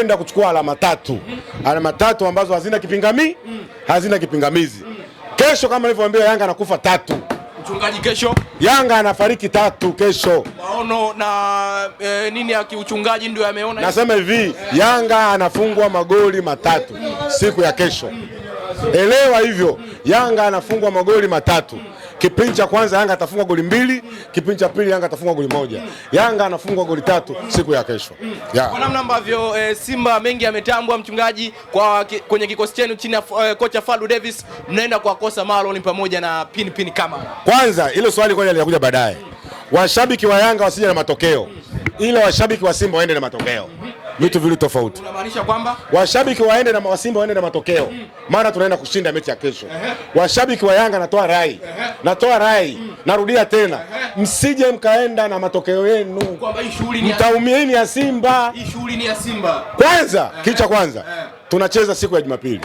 tunakwenda kuchukua alama tatu, alama tatu ambazo hazina kipingami, hazina kipingamizi. Kesho kama nilivyowaambia, Yanga anakufa tatu. Mchungaji, kesho Yanga anafariki tatu kesho. Maono na e, nini ya kiuchungaji ndio yameona. Nasema hivi, Yanga anafungwa magoli matatu siku ya kesho. Elewa hivyo, Yanga anafungwa magoli matatu. Kipindi cha kwanza Yanga atafungwa goli mbili, kipindi cha pili Yanga atafungwa goli moja. Yanga anafungwa goli tatu siku ya kesho. Yeah. Kwa namna ambavyo e, Simba mengi ametambwa mchungaji kwa kwenye kikosi chenu chini ya e, kocha Fadlu Davis mnaenda kuwakosa Marlon pamoja na pin pin kama. Kwanza ile swali kwani linakuja baadaye. Washabiki wa Yanga wasije na matokeo. Ila washabiki wa Simba waende na matokeo vitu viwili tofauti. Unamaanisha kwamba washabiki waende na Simba waende na matokeo, mm. maana tunaenda kushinda mechi ya kesho. uh-huh. Washabiki wa Yanga natoa rai, uh-huh. natoa rai, mm. narudia tena, uh-huh. msije mkaenda na matokeo yenu, mtaumieni ya Simba. Hii shughuli ni ya Simba kwanza, uh-huh. kicha kwanza uh-huh. tunacheza siku ya Jumapili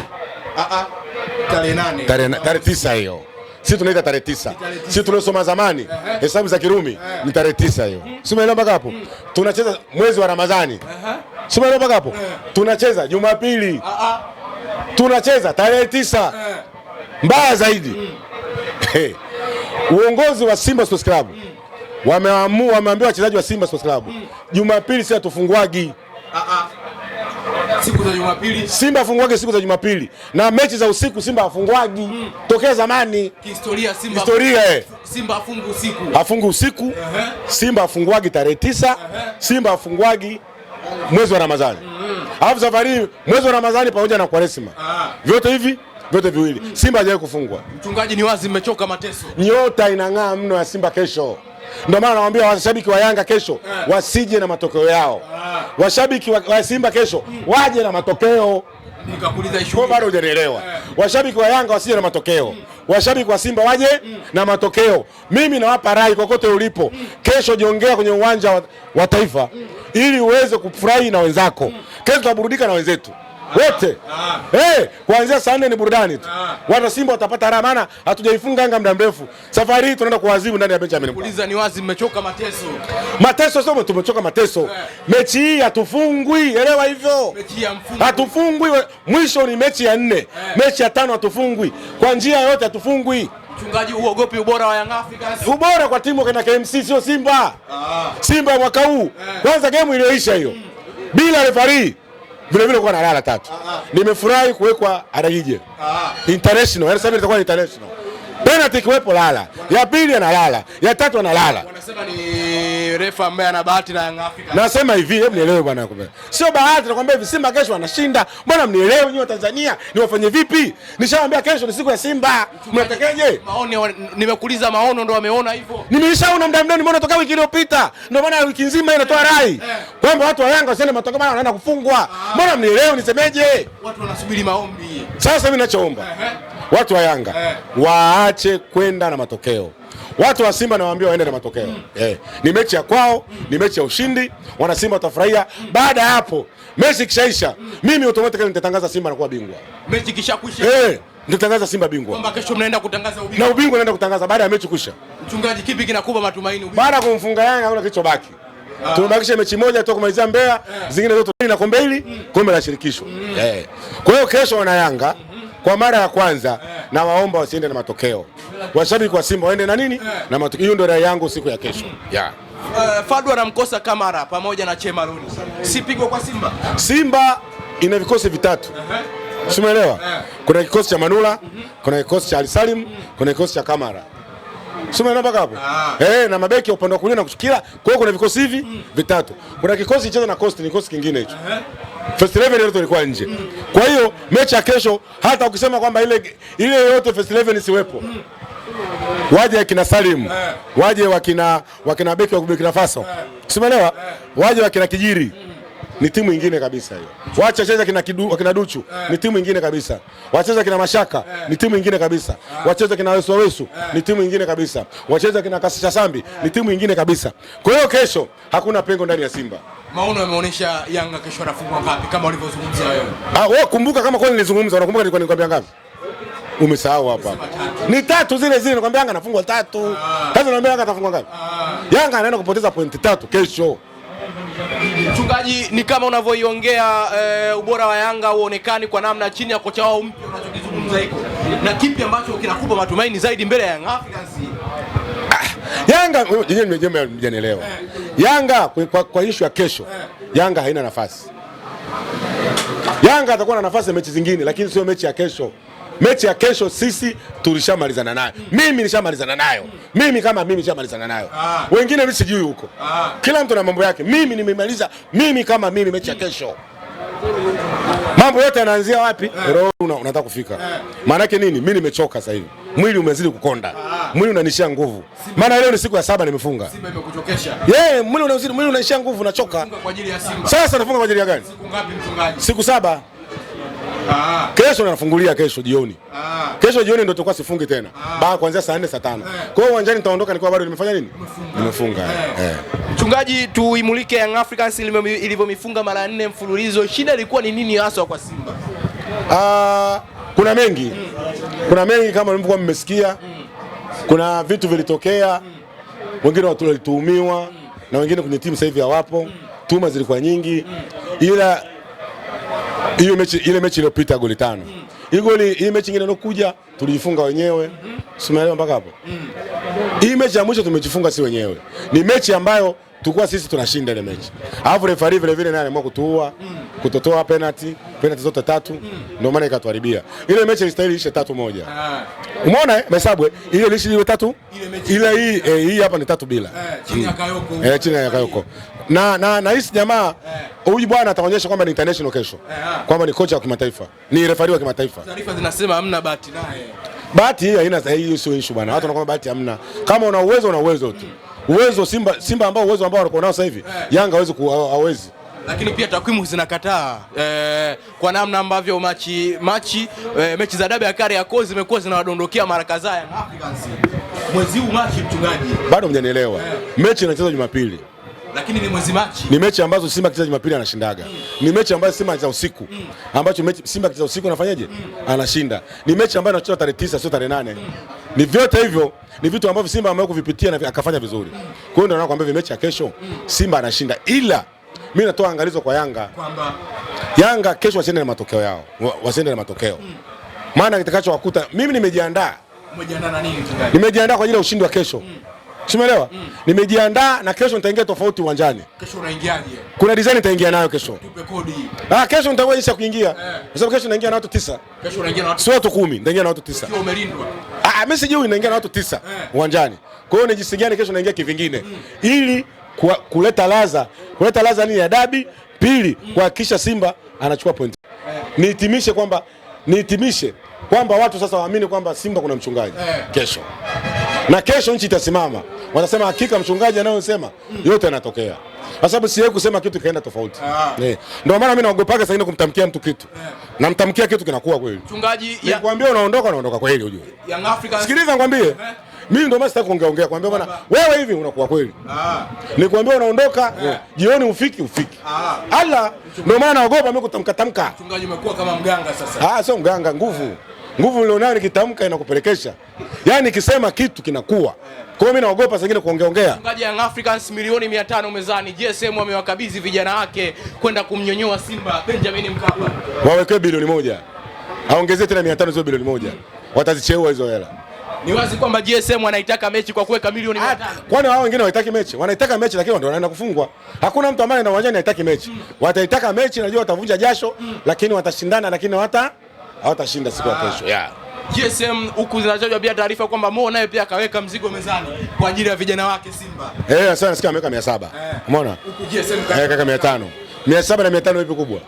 uh-huh. tarehe tisa hiyo si tunaita tarehe tisa, si tunaosoma zamani hesabu za Kirumi ni tarehe tisa hiyo, si umeelewa mpaka hapo? Mm. Tunacheza mwezi wa Ramadhani. Si maana mpaka hapo. Eh. Tunacheza Jumapili. Ah, ah. Tunacheza tarehe tisa. Eh. Mbaya zaidi. Mm. Uongozi wa Simba Sports Club mm. wameamua, wameambia wachezaji wa Simba Sports Club mm. Jumapili sisi atufunguagi. Ah, siku za Jumapili Simba afungwage, siku za Jumapili na mechi za usiku Simba afunguagi. mm. Tokea zamani kihistoria, Simba historia, eh. Simba afungu usiku, afungu usiku uh -huh. Simba afunguagi tarehe tisa uh -huh. Simba afunguagi mwezi wa Ramadhani alafu safari mwezi wa Ramadhani pamoja na Kwaresima, ah. vyote hivi vyote viwili Simba hajawahi kufungwa. Mchungaji, ni wazi mmechoka mateso, nyota inang'aa mno ya Simba kesho. Ndio maana nawaambia washabiki wa Yanga kesho eh. wasije na matokeo yao, ah. washabiki wa Simba kesho waje na matokeo. Bado hujanielewa? Eh. Washabiki wa Yanga wasije na matokeo, washabiki wa Simba waje na matokeo. Mimi nawapa rai, kokote ulipo hmm. kesho, jiongea kwenye uwanja wa Taifa, hmm ili uweze kufurahi na wenzako. Kesho tutaburudika na wenzetu wote hey, ah. eh, kuanzia saa nne ni burudani tu. Ah. Wana Simba watapata raha, maana hatujaifunga Yanga muda mrefu. Safari hii tunaenda kuwazibu ndani ya Benjamin Mkapa. ni wazi, mmechoka mateso. Mateso sio tumechoka mateso yeah. Mechi hii hatufungwi, elewa hivyo, hatufungwi. Mwisho ni mechi ya nne yeah. Mechi ya tano hatufungwi, kwa njia yoyote hatufungwi. Mchungaji, uogopi ubora wa Young Africans? Ubora kwa timu kana KMC sio Simba. Ah. Simba mwaka huu eh. kwanza eh, game iliyoisha hiyo hmm. bila referee vile vile kwa nalala tatu. Ah, ah. Nimefurahi kuwekwa Aragije. Ah, international, yani sasa nitakuwa international. Penalty kiwepo lala. Ya pili analala, ya tatu analala. Wanasema ni ni refa ambaye ana bahati na Young Africans. Nasema hivi, hebu nielewe bwana, sio bahati. Nakwambia hivi, Simba kesho anashinda. Mbona mnielewe nyinyi wa Tanzania? Niwafanye vipi? Nishawaambia kesho ni siku ya Simba, mnatekeje? Maoni nimekuuliza, maono ndo wameona hivyo. Nimeshaona muda mrefu, nimeona toka wiki iliyopita, ndio maana wiki nzima inatoa eh. rai kwamba watu wa Yanga wasiende matokeo, maana wanaenda kufungwa. Ah. Mbona mnielewe? Nisemeje? Watu wanasubiri maombi. Sasa mimi ninachoomba watu wa Yanga eh. waache kwenda na matokeo. Watu wa Simba nawaambia waende na matokeo mm. Eh, Ni mechi ya kwao, mm. ni mechi ya ushindi, wana Simba watafurahia. Baada ya hapo mechi ikishaisha, mm. mimi automatically nitatangaza Simba anakuwa bingwa. Mechi ikishakwisha eh, nitatangaza Simba bingwa kwamba kesho mnaenda kutangaza ubingwa na ubingwa naenda kutangaza baada ya mechi kwisha. Mchungaji, kipi kinakupa matumaini ubingwa baada kumfunga Yanga? Hakuna kilichobaki. Ah. Tumebakisha mechi moja tu kumalizia Mbeya, yeah. Zingine zote na kombe hili, kombe la shirikisho. Eh. Kwa hiyo kesho wana Yanga mm -hmm kwa mara ya kwanza, eh. na waomba wasiende na matokeo, washabiki wa Simba waende na nini eh. na matokeo. Hiyo ndio rai yangu siku ya kesho yeah. Uh, Fadu anamkosa Kamara pamoja na Chemaruni, si pigo kwa Simba. Simba ina vikosi vitatu simeelewa, eh. kuna kikosi cha Manula, mhm. kuna kikosi cha Alisalim, kuna kikosi cha Kamara mpaka hapo ah. eh, na mabeki upande wa kulia na kushikila. Kwa hiyo kuna vikosi hivi mm. vitatu, kuna kikosi cheza na Coast, ni kikosi kingine hicho first eleven yote ilikuwa nje. Kwa hiyo mechi ya kesho hata ukisema kwamba ile ile yote first eleven siwepo, waje akina Salim, waje wakina wakina beki wa Burkina Faso, simelewa, Waje wakina Kijiri ni timu ingine kabisa hiyo. Wacha cheza kina kidu, kina Duchu ni timu ingine kabisa. Wacheza kina Mashaka ni timu ingine kabisa. Wacheza kina Wesu Wesu ni timu ingine kabisa. Wacheza kina Kasisha Sambi ni timu ingine kabisa. Kwa hiyo kesho hakuna pengo ndani ya Simba maono yameonyesha Yanga kesho anafungwa ngapi kama ulivyozungumzia wewe. Ah, wewe kumbuka kama kwani nilizungumza, unakumbuka nilikuwa nikwambia ngapi? Umesahau hapa. Ni tatu zile zile nakwambia Yanga anafungwa tatu. Sasa ah. naambia Yanga atafungwa ngapi? Ah. Yanga anaenda kupoteza pointi tatu kesho. Mchungaji, ni kama unavyoiongea e, ubora wa Yanga uonekani kwa namna chini ya kocha wao mpya unachokizungumza hiko, na kipi ambacho kinakupa matumaini zaidi mbele ya Yanga Africans Yanga mjanielewa. Yanga kwa, kwa ishu ya kesho, Yanga haina nafasi. Yanga atakuwa na nafasi ya mechi zingine, lakini sio mechi ya kesho. Mechi ya kesho sisi tulishamalizana nayo. Mimi nishamalizana nayo. Mimi kama mimi nishamalizana nayo. Ah. Wengine mimi sijui huko. Ah. Kila mtu na mambo yake. Mimi nimemaliza mimi kama mimi mechi ya kesho. Mambo yote yanaanzia wapi? Eh. Roho unataka kufika. Eh. Maana nini? Mimi nimechoka sasa hivi. Mwili umezidi kukonda. Ah mwili unanishia nguvu, maana leo ni siku ya saba nimefunga. Simba imekuchokesha yeye, mwili unazidi, mwili unanishia nguvu, nachoka Sasa nafunga kwa ajili ya gani? Siku ngapi mchungaji? Siku saba. Aa. Ah. Kesho nafungulia kesho jioni. Aa. Ah. Kesho jioni ndio tutakuwa sifungi tena. Ah. Baada kuanzia saa 4 saa 5. Eh. Kwa hiyo uwanjani nitaondoka nikiwa bado nimefanya nini? Nimefunga. Eh. Eh. eh. Mchungaji, tuimulike Young Africans ilivyomifunga mara nne mfululizo. Shida ilikuwa ni nini hasa kwa Simba? Ah, kuna mengi. Mm. Kuna mengi kama mlivyokuwa mmesikia. Mm kuna vitu vilitokea, wengine watu walituhumiwa na wengine kwenye timu sasa hivi hawapo. tuma zilikuwa nyingi, ila hiyo mechi, ile mechi iliyopita goli tano hii goli, hii mechi nyingine inokuja tulijifunga wenyewe, simeelewa mpaka hapo. Mm. Hii mechi ya mwisho tumejifunga si wenyewe, ni mechi ambayo tulikuwa sisi tunashinda ile mechi, alafu refari vile vile naye aliamua kutuua, kutotoa penalty, penalty zote tatu, ndio maana ikatuharibia ile mechi. Ilistahili ishe tatu moja, ah. umeona eh? ile, ilishi ile tatu ile, hii eh, hii hapa ni tatu bila, eh, chini ya hmm. Kayoko, eh, chini ya Kayoko na na na hisi jamaa eh. huyu bwana ataonyesha kwamba ni international kesho, ah. kwamba ni kocha wa kimataifa, ni refari wa kimataifa. Taarifa zinasema hamna bahati naye, bahati hii haina, hii sio issue bwana, watu wanakuwa bahati hamna. Kama una uwezo, una uwezo tu. Mm uwezo Simba, Simba ambao uwezo ambao wanakuwa nao sasa hivi eh. Yanga hawezi hawezi lakini pia takwimu zinakataa eh, kwa namna ambavyo machi, machi eh, mechi za dabi ya Kariakoo zimekuwa zinawadondokea mara kadhaa Young Africans mwezi huu Machi. Mchungaji, bado mjanielewa eh. Mechi inachezwa Jumapili lakini ni mwezi Machi, ni mechi ambazo Simba akicheza Jumapili anashindaga mm. Ni mechi ambazo Simba anacheza usiku mm. ambacho mechi, Simba akicheza usiku anafanyaje? mm. Anashinda. Ni mechi ambayo inachezwa tarehe tisa, sio tarehe nane mm ni vyote hivyo ni vitu ambavyo Simba ameweza kuvipitia na akafanya vizuri. Kwa hiyo ndio nakwambia mechi ya kesho Simba anashinda, ila mimi natoa angalizo kwa Yanga kwamba Yanga kesho wasiende na matokeo yao, wasiende na matokeo maana kitakachowakuta. Mimi nimejiandaa. Umejiandaa na nini Nimejiandaa kwa ajili ya ushindi wa kesho. Simeelewa? Mm. Nimejiandaa na kesho nitaingia tofauti uwanjani. Kesho unaingiaje? Kuna design nitaingia nayo kesho. Tupe kodi. Ah, kesho nitakuwa jinsi ya kuingia. Eh. Kwa yeah. sababu kesho naingia na watu tisa. Kesho unaingia na watu. Sio watu kumi, naingia na watu tisa. Sio umelindwa. Ah, ah, mimi sijui naingia na watu tisa eh. uwanjani. Kwa hiyo nijisi gani kesho naingia kivingine. Mm. Ili kwa, kuleta ladha, kuleta ladha nini ya dabi, pili mm, kuhakikisha Simba anachukua pointi. Yeah. Nihitimishe kwamba nihitimishe kwamba watu sasa waamini kwamba Simba kuna mchungaji. yeah. Kesho na kesho nchi itasimama. Wanasema hakika mchungaji anayosema yote yanatokea, kwa sababu siwezi kusema kitu kaenda tofauti. Ah. Ndio maana mimi naogopaga sasa hivi kumtamkia mtu kitu, eh. namtamkia kitu kinakuwa kweli. Mchungaji nikwambia, unaondoka unaondoka kweli, ujue Young Africans. Sikiliza nikwambie eh. mimi ndio maana sitaki kuongea ongea, kwambia bwana wewe hivi unakuwa kweli. Ah. Nikwambia unaondoka, yeah. Eh, jioni ufiki ufiki. Ah. Ala, ndio maana naogopa mimi kutamka tamka. Mchungaji umekuwa kama mganga sasa. Ah, sio mganga, nguvu nguvu nilionayo nikitamka inakupelekesha, yani ikisema kitu kinakuwa. Kwa hiyo mimi naogopa sengine kuongeongea. Mfungaji Young Africans milioni 500 mezani, JSM amewakabidhi vijana wake kwenda kumnyonyoa Simba Benjamin Mkapa, wawekwe bilioni moja, aongezee tena 500 sio bilioni moja, watazicheua hizo hela. Ni wazi kwamba GSM wanaitaka mechi kwa kuweka milioni 500. Kwani hao wengine wanaitaka mechi? Wanaitaka mechi lakini ndio wanaenda kufungwa. Hakuna mtu ambaye anaenda uwanjani anaitaki mechi. Mm. Wataitaka mechi, najua watavunja jasho, mm. lakini watashindana lakini wata hawatashinda siku ya ah. kesho yeah. GSM huku zinatajwa pia taarifa kwamba Mo naye pia akaweka mzigo mezani kwa ajili ya vijana wake Simba. Eh, sasa nasikia ameweka 700. Eh. Umeona? Huku GSM kaweka 500. 700 na 500 ipi kubwa?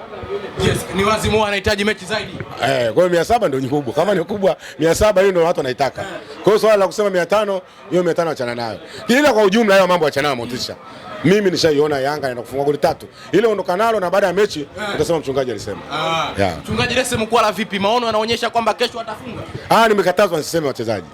Yes, ni wazi Mo anahitaji mechi zaidi. Eh, kwa hiyo 700 ndio kubwa. Kama ni kubwa 700 hiyo ndio watu wanaitaka. Kwa hiyo swala la kusema 500, hiyo 500 achana nayo. Ila kwa ujumla hayo mambo achana nayo motisha mimi nishaiona Yanga na kufunga goli tatu, ile ondoka nalo na baada ya mechi eh. utasema mchungaji alisema. Ah. Yeah. Mchungaji Lese Mkwala, vipi maono yanaonyesha kwamba kesho atafunga? Ah, nimekatazwa nisiseme wachezaji.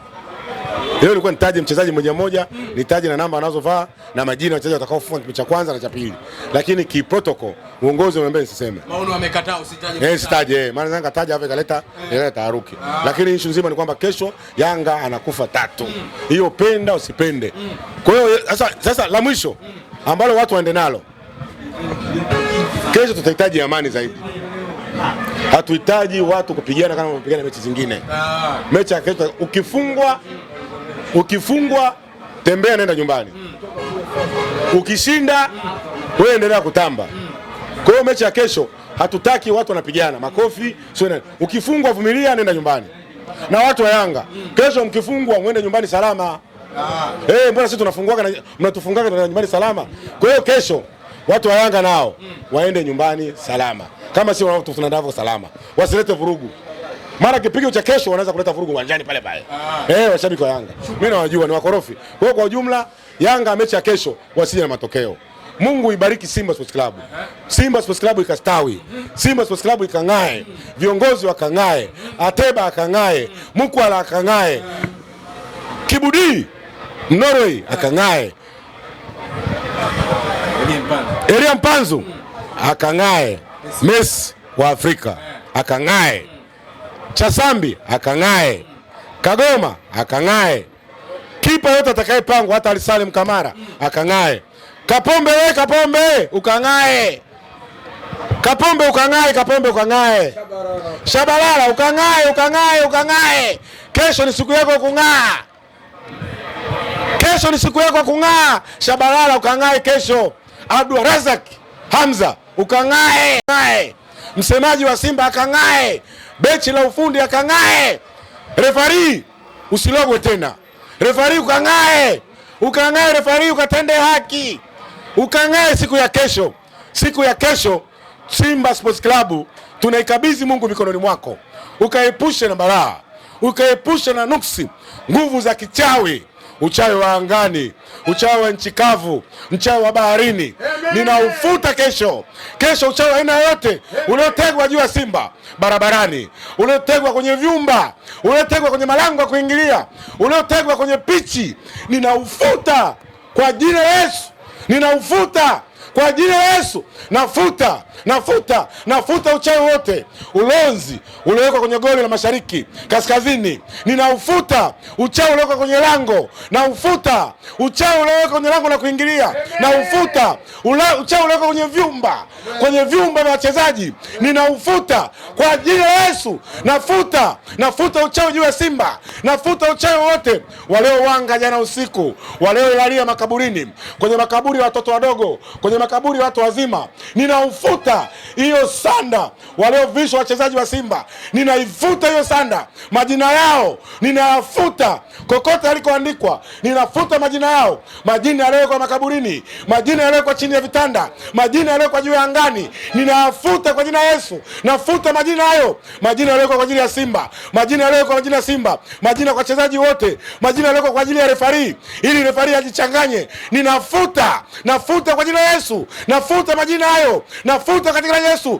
Leo nilikuwa nitaje mchezaji mmoja mmoja, nitaje na namba anazovaa na majina wachezaji watakaofunga kipindi cha kwanza na cha pili. Lakini ki protocol uongozi umeambia nisiseme. Maono amekataa usitaje. Eh, sitaje. Maana nanga taja hapa ikaleta eh. ile taharuki. Ah. Lakini issue nzima ni kwamba kesho Yanga anakufa tatu. Mm. Hiyo mm. penda usipende. Mm. Kwa hiyo sasa sasa la mwisho mm ambalo watu waende nalo. Kesho tutahitaji amani zaidi, hatuhitaji watu kupigana kama wamepigana mechi zingine. Mechi ya kesho ukifungwa, ukifungwa tembea, nenda nyumbani. Ukishinda wewe endelea kutamba. Kwa hiyo mechi ya kesho hatutaki watu wanapigana makofi, sio. Ukifungwa vumilia, nenda nyumbani. Na watu wa Yanga, kesho mkifungwa, mwende nyumbani salama. Ah. Eh, mbona sisi tunafunguaga mnatufungaga na nyumbani salama. Kwa hiyo kesho watu wa Yanga nao waende nyumbani salama, kama si tunandavyo salama, wasilete vurugu mara kipigo cha kesho wanaweza kuleta vurugu uwanjani pale pale. Ah. Eh, washabiki wa Yanga mimi nawajua ni wakorofi. Kwa hiyo kwa ujumla, Yanga mechi ya kesho wasije na matokeo. Mungu ibariki Simba Sports Club. Simba Sports Club ikastawi. Simba Sports Club ikang'ae. Viongozi wakang'ae. Ateba akang'ae. Mkwala akang'ae. Kibudi Norway akang'ae, Elia Mpanzu akang'ae, Miss wa Afrika akang'ae, Chasambi akang'ae, Kagoma akang'ae, kipa yote atakayepangwa, hata Alisalim Kamara akang'ae, Kapombe we Kapombe ukang'ae Kapombe ukang'ae, Kapombe ukang'ae, Shabalala ukang'ae, ukang'ae, ukang'ae. Kesho ni siku yako kung'aa. Kesho ni siku yako kung'aa. Shabalala ukang'ae kesho. Abdul Razak Hamza ukang'ae. Msemaji wa Simba akang'ae. Bechi la ufundi akang'ae. Refari usilogwe tena. Refari ukang'ae. Ukang'ae refari ukatende haki. Ukang'ae siku ya kesho. Siku ya kesho Simba Sports Club tunaikabidhi Mungu mikononi mwako. Ukaepushe na balaa. Ukaepushe na nuksi, nguvu za kichawi uchawi wa angani, uchawi wa nchi kavu, mchawi wa baharini ninaufuta kesho. Kesho uchawi aina yoyote uliotegwa juu ya Simba barabarani, uliotegwa kwenye vyumba, uliotegwa kwenye malango ya kuingilia, uliotegwa kwenye pichi, ninaufuta kwa jina Yesu, ninaufuta kwa ajili ya Yesu. Nafuta, nafuta, nafuta uchawi wote, ulonzi uliowekwa kwenye goli la mashariki, kaskazini. Ninaufuta uchawi uliowekwa kwenye lango, naufuta uchawi uliowekwa kwenye lango la kuingilia, naufuta uchawi uliowekwa kwenye vyumba, kwenye vyumba vya wachezaji, ninaufuta kwa ajili ya Yesu. Nafuta, nafuta uchawi juu ya Simba, nafuta uchawi wote waliowanga jana usiku, waliolalia makaburini, kwenye makaburi ya watoto wadogo, kwenye makaburi watu wazima, ninaufuta hiyo sanda waliovishwa wachezaji wa Simba, ninaifuta hiyo sanda, majina yao ninayafuta kokote alikoandikwa, ninafuta majina yao, majina yaliyowekwa makaburini, majina yaliyowekwa chini ya vitanda, majina yaliyowekwa juu ya angani, ninayafuta kwa jina Yesu. Nafuta majina hayo, majina yaliyowekwa kwa ajili ya Simba, majina yaliyowekwa kwa ajili ya Simba, majina kwa wachezaji wote, majina yaliyowekwa kwa ajili ya refari, ili refari ajichanganye, ninafuta, nafuta kwa jina Yesu. Yesu, nafuta majina hayo, nafuta katika Yesu.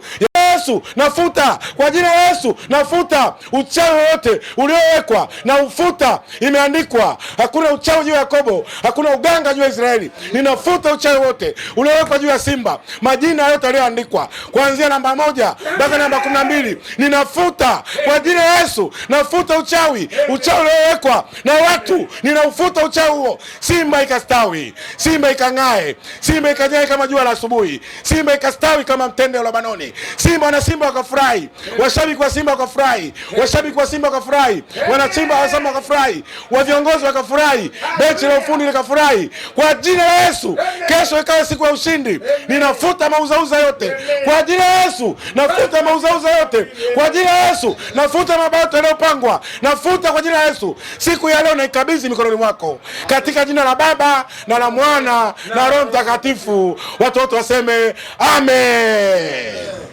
Yesu nafuta, kwa jina la Yesu nafuta uchawi wote uliowekwa na ufuta. Imeandikwa hakuna uchawi juu ya Yakobo, hakuna uganga juu ya Israeli. Ninafuta uchawi wote uliowekwa juu ya Simba, majina yote yaliyoandikwa kuanzia namba moja mpaka namba kumi na mbili ninafuta kwa jina la Yesu. Nafuta uchawi, uchawi uliowekwa na watu, ninaufuta uchawi huo. Simba ikastawi, Simba ikang'ae, Simba ikajai kama jua la asubuhi, Simba ikastawi kama mtende wa Lebanoni, Simba Simba wana Simba wakafurahi, washabiki wa Simba wakafurahi, washabiki wa Simba wakafurahi, wana Simba wa Simba wakafurahi, wa viongozi wakafurahi, benchi la ufundi likafurahi. Kwa jina la Yesu, kesho ikawe siku ya ushindi. Ninafuta mauzauza yote kwa jina la Yesu, nafuta mauzauza yote kwa jina la Yesu, nafuta mabato yanayopangwa, nafuta kwa jina la Yesu. Siku ya leo naikabidhi mikononi mwako katika jina la Baba na la Mwana na Roho Mtakatifu. Watoto waseme amen.